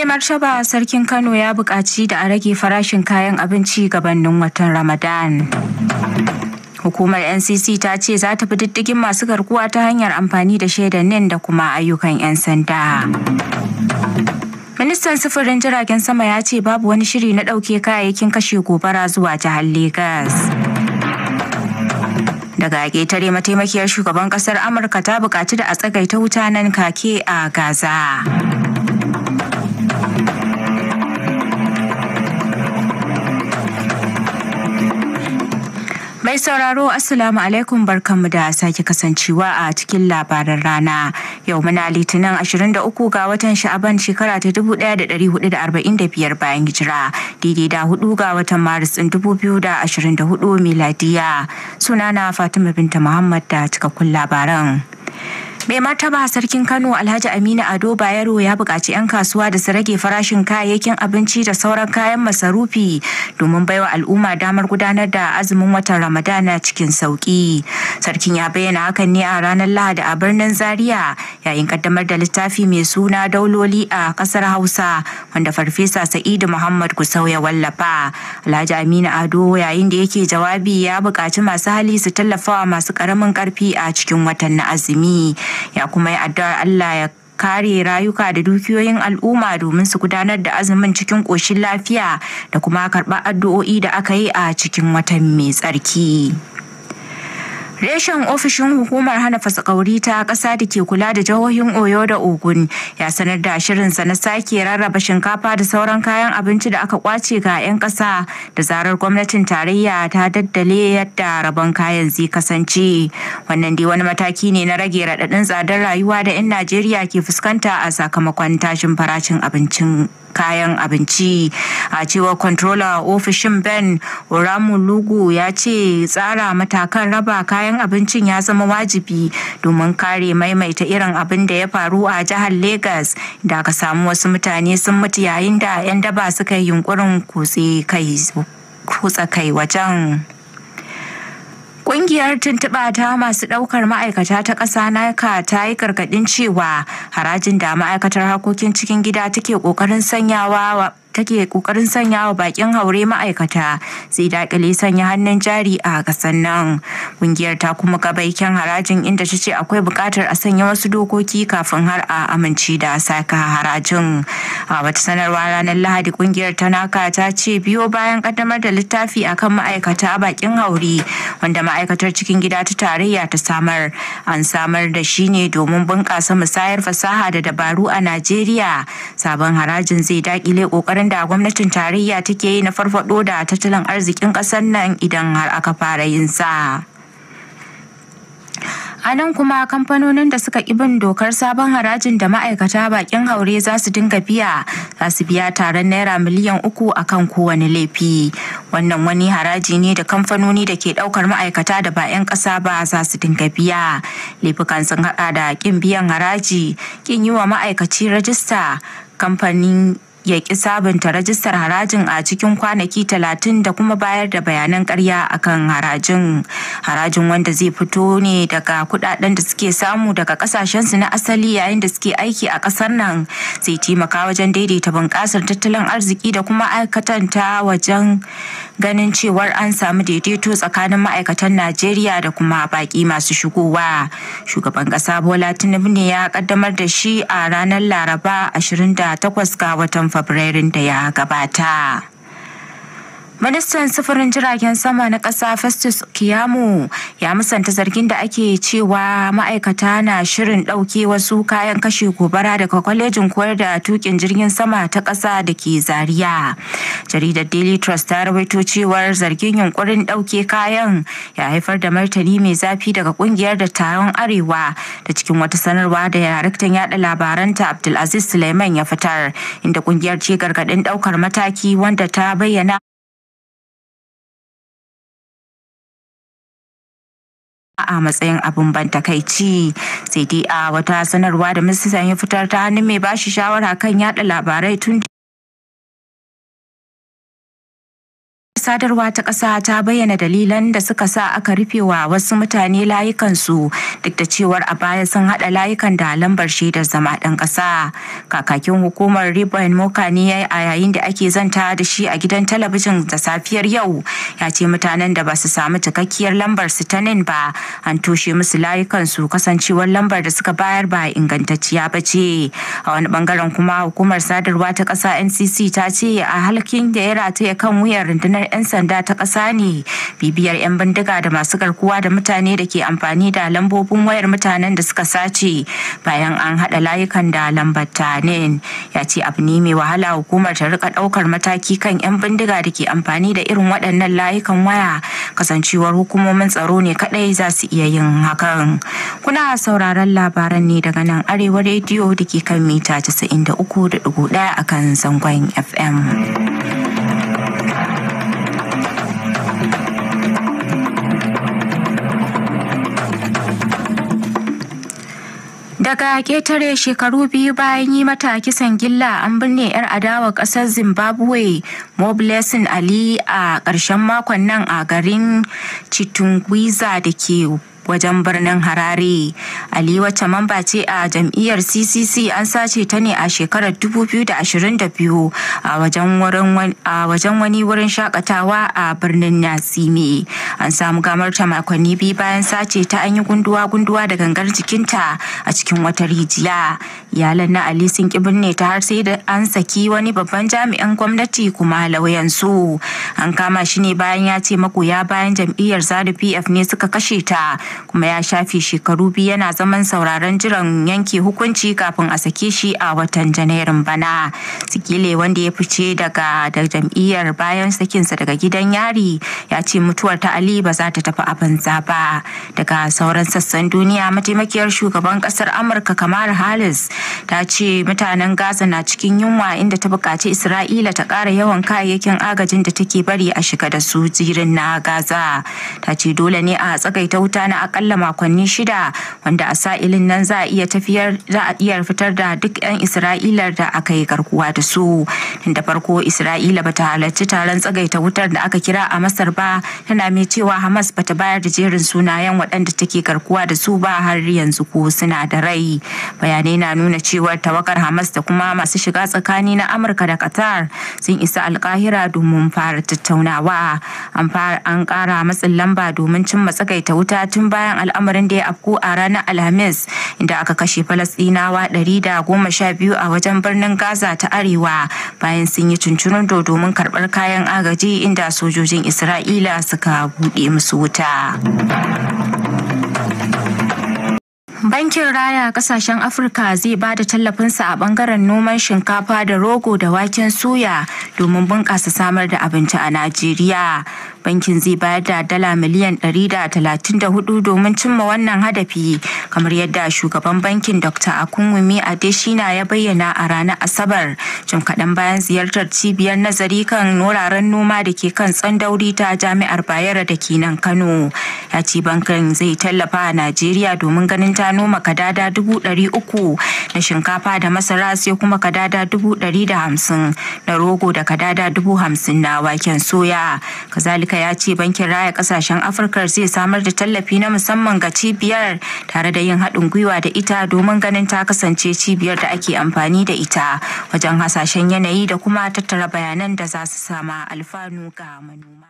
Mai eh, Marshaba sarkin Kano ya buƙaci da a rage farashin kayan abinci gabanin watan Ramadan. Hukumar NCC ta ce za ta fi diddigin masu garkuwa ta hanyar amfani da nan da kuma ayyukan 'yan sanda. Ministan sufurin jiragen sama ya ce babu wani shiri na ɗauke kayayyakin kashe gobara zuwa jihar Legas. Daga ƙetare mataimakiyar shugaban ƙasar Amurka ta buƙaci da a tsagaita wuta nan kake a Gaza. Mai sauraro Assalamu alaikum barkanmu da sake kasancewa a cikin labaran rana. Yau muna Litinin 23 ga watan Sha'aban shekara ta 1445 bayan hijira, daidai da 4 ga watan Maris ɗin 2024 miladiya. Sunana Fatima binta Muhammad da cikakkun labaran. mai martaba sarkin kano alhaji aminu ado bayero ya buƙaci 'yan kasuwa da su rage farashin kayayyakin abinci da sauran kayan masarufi domin baiwa al'umma damar gudanar da azumin watan ramadana cikin sauƙi sarkin ya bayyana hakan ne a ranar lahadi a birnin zaria yayin kaddamar da littafi mai suna dauloli a ƙasar hausa wanda farfesa sa'idu muhammad gusau ya wallafa alhaji aminu ado yayin da yake jawabi ya buƙaci masu hali su tallafawa masu ƙaramin ƙarfi a cikin watan na azumi ya kuma yi addu'ar Allah ya kare rayuka da dukiyoyin al'umma domin su gudanar da azumin cikin ƙoshin lafiya da kuma karɓar addu'o'i da aka yi a cikin watan mai tsarki. Reshen ofishin hukumar hana fasakauri ta ƙasa da ke kula da jihohin Oyo da Ogun ya sanar da shirinsa na sake rarraba shinkafa da sauran kayan abinci da aka kwace ga 'yan ƙasa da zarar gwamnatin tarayya ta daddale yadda rabon kayan zai kasance. Wannan dai wani mataki ne na rage raɗaɗin tsadar rayuwa da 'yan Najeriya ke fuskanta a sakamakon tashin farashin abincin. kayan abinci a cewar controller ofishin ben oramulugu ya ce tsara matakan raba kayan abincin ya zama wajibi domin kare maimaita irin abin da ya faru a jihar Legas, da aka samu wasu mutane sun mutu yayin da 'yan daba suka yi yunkurin kutse kai wajen Ƙungiyar tuntuɓa ta masu ɗaukar ma'aikata ta ƙasa naka ta yi gargaɗin cewa harajin da ma'aikatar harkokin cikin gida take ƙoƙarin sanyawa take kokarin sanya wa bakin haure ma'aikata zai dakile sanya hannun jari a kasan nan kungiyar ta kuma gabaikin harajin inda ta ce akwai bukatar a sanya wasu dokoki kafin har a amince da saka harajin a wata sanarwa ranar lahadi kungiyar ta naka ta ce biyo bayan kaddamar da littafi akan ma'aikata a bakin haure wanda ma'aikatar cikin gida ta tarayya ta samar an samar da shi ne domin bunƙasa musayar fasaha da dabaru a najeriya sabon harajin zai dakile kokarin kokarin da gwamnatin tarayya take yi na farfaɗo da tattalin arzikin ƙasar nan idan har aka fara yin sa. A nan kuma kamfanonin da suka ki bin dokar sabon harajin da ma'aikata bakin haure za su dinga biya za su biya taron naira miliyan uku a kan kowane laifi. Wannan wani haraji ne da kamfanoni da ke ɗaukar ma'aikata da ba 'yan ƙasa ba za su dinga biya. Laifukan sun haɗa da ƙin biyan haraji, ƙin yi wa ma'aikaci rajista, kamfanin ya ƙi sabunta rajistar harajin a cikin kwanaki talatin da kuma bayar da bayanan ƙarya akan harajin harajin wanda zai fito ne daga kuɗaɗen da suke samu daga su na asali yayin da suke aiki a ƙasar nan zai taimaka wajen daidaita bunƙasar tattalin arziki da kuma aikatanta wajen ganin cewar an samu daidaito tsakanin ma'aikatan Najeriya da kuma baƙi masu shigowa. Shugaban ƙasa Bola Tinubu ne ya ƙaddamar da shi a ranar Laraba 28 ga watan Fabrairun da ya gabata. Ministan sufurin jiragen sama na ƙasa Festus Kiyamu ya musanta zargin da ake cewa ma'aikata na shirin ɗauke wasu kayan kashe gobara daga kwalejin koyar da tukin jirgin sama ta ƙasa da ke zariya Jaridar Daily Trust ta rawaito cewar zargin yunkurin ɗauke kayan ya haifar da martani mai zafi daga ƙungiyar da taron Arewa da cikin wata sanarwa da daraktan yaɗa labaranta Abdulaziz Suleiman ya fitar inda ƙungiyar ce gargaɗin ɗaukar mataki wanda ta bayyana a matsayin abin ban takaici sai dai a wata sanarwa da ministan ya fitar ta hannun mai bashi shawara kan yada labarai tun sadarwa ta ƙasa ta bayyana dalilan da suka sa aka rufe wa wasu mutane layukansu duk da cewar a baya sun haɗa layukan da lambar shaidar zama ɗan ƙasa. Kakakin hukumar Ribon Moka ne a yayin da ake zanta da shi a gidan talabijin da safiyar yau ya ce mutanen da ba su samu cikakkiyar lambar su ta nan ba an toshe musu layukansu kasancewar lambar da suka bayar ba ingantacciya ba ce. A wani bangaren kuma hukumar sadarwa ta ƙasa NCC ta ce a halkin da ya rataya kan wuyar rundunar 'yan sanda ta ƙasa ne bibiyar 'yan bindiga da masu garkuwa da mutane da ke amfani da lambobin wayar mutanen da suka sace bayan an haɗa layukan da lambar tanin ya ce abu ne mai wahala hukumar ta rika ɗaukar mataki kan 'yan bindiga da ke amfani da irin waɗannan layukan waya kasancewar hukumomin tsaro ne kaɗai za su iya yin hakan kuna sauraron labaran ne daga nan arewa rediyo da ke kan mita 93.1 a kan zangon fm Daga ketare shekaru biyu bayan yi mata kisan gilla an binne 'yar adawa ƙasar Zimbabwe Moblesin Ali a karshen makon nan a garin Chitungwiza da ke wajen birnin Harare. Ali wacce mamba ce a jam'iyyar CCC an sace ta ne a shekarar 2022 a wajen wani wurin shakatawa a birnin Nasime. an samu gamar ta makonni biyu bayan sace ta an yi gunduwa-gunduwa da gangar jikinta a cikin wata rijiya iyalan na ali sun ki ta har sai da an saki wani babban jami'an gwamnati kuma lauyan su an kama shi ne bayan ya ce magoya bayan jam'iyyar zanu pf ne suka kashe ta kuma ya shafe shekaru biyu yana zaman sauraron jiran yanke hukunci kafin a sake shi a watan janairun bana sikile wanda ya fice daga da jam'iyyar bayan sakinsa daga gidan yari ya ce mutuwar ta ali hankali ba za ta tafi abin banza ba daga sauran sassan duniya mataimakiyar shugaban kasar amurka kamar halis ta ce mutanen gaza na cikin yunwa inda ta buƙaci isra'ila ta ƙara yawan kayayyakin agajin da take bari a shiga da su jirin na gaza ta ce dole ne a tsagaita wuta na akalla makonni shida wanda a sa'ilin nan za a iya tafiyar za a iya fitar da duk 'yan isra'ilar da aka yi garkuwa da su tun da farko isra'ila bata halarci taron tsagaita wutar da aka kira a masar ba tana mai cewa Hamas bata bayar da jerin sunayen waɗanda take garkuwa da su ba har yanzu ko suna da rai. Bayanai na nuna cewa tawakar Hamas da kuma masu shiga tsakani na Amurka da Qatar sun isa alkahira domin fara tattaunawa. An ƙara matsin lamba domin cimma matsagaita wuta tun bayan al'amarin da ya afku a ranar Alhamis inda aka kashe Falasɗinawa ɗari da goma sha biyu a wajen birnin Gaza ta Arewa bayan sun yi cincirin domin karɓar kayan agaji inda sojojin Isra'ila suka buɗe. buɗe musu wuta Bankin Raya kasashen Afirka zai ba da tallafinsa a bangaren noman shinkafa da rogo da waken suya domin bunƙasa samar da abinci a Najeriya. Bankin zai bayar da dala miliyan 134 domin cimma wannan hadafi kamar yadda shugaban bankin Dr. Akunwumi Adeshina ya bayyana a ranar Asabar jim kaɗan bayan ziyartar cibiyar nazari kan wuraren noma da ke kan dauri ta jami'ar Bayero da ke nan Kano. Ya ce bankin zai tallafa a Najeriya domin ganin ta ta noma kadada dubu ɗari uku na shinkafa da masara sai kuma kadada dubu ɗari da hamsin na rogo da kadada dubu hamsin na waken soya kazalika ya ce bankin raya kasashen afirka zai samar da tallafi na musamman ga cibiyar tare da yin haɗin gwiwa da ita domin ganin ta kasance cibiyar da ake amfani da ita wajen hasashen yanayi da kuma tattara bayanan da za su sama alfanu ga manoma